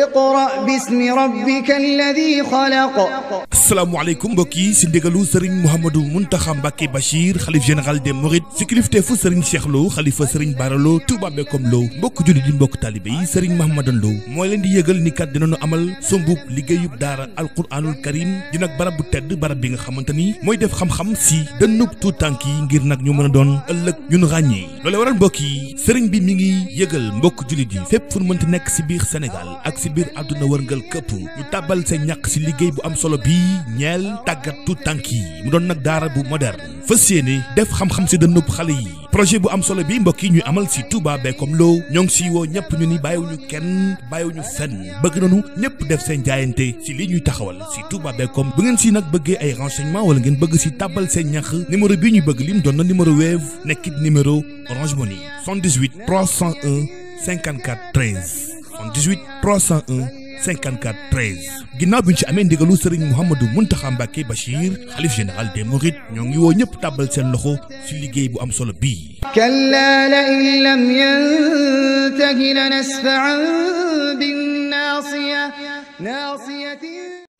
iqra bismi rabbika alladi xalaq asalaamaaleykum mbokk yi si ndigalu sëriñ Mouhamadou Mountakha Mbacké Bachir xalif général des Mourides si kilifteefu sëriñ Cheikh Lo xalifa sëriñ Bara Lo Touba Mekom Lo mbokk julli di mbokk taalibé yi sëriñ Mahamadan Lo mooy leen di yëgal ni kat dinañu amal sombub liggéeyub daara al karim di nag barab bu tedd barab bi nga xamante ni mooy def xam-xam si dënnub tuut tànk yi ngir nag ñu mën a doon ëllëg ñun ràññee loolee waral mbokk yi sëriñ bi mi ngi yëgal mbokk jullit yi fépp fu nekk si biir Sénégal ci biir àdduna wërngal këpp ñu tàbbal seen ñàq si liggéey bu am solo bii ñeel tàggatu tànk yi mu doon nag daara bu moderne fas yéene def xam-xam si dënnub xale yi projet bu am solo bi mbokk yi ñuy amal si Touba Bekom loo ñoo ngi si woo ñëpp ñu ni bàyyiwuñu kenn ñu fenn bëgg nañu ñëpp def seen jaayante ci lii ñuy taxawal si Touba Bekom bu ngeen si nag bëggee ay renseignement wala ngeen bëgg si tàbbal seen ñax numéro bii ñu bëgg lim doon na numéro Wave nekkit numéro Orange Money 78 301 54 13 78 301 54 13 ginnaaw bi ci amee ndigalu sëriñ Mouhamadou Mountakha Mbacké Bachir xalif général des Mourides ñoo ngi woo ñëpp tàbbal seen loxo ci liggéey bu am solo bii kalla la in lam yantahi lanasfa'an bin naasiya naasiya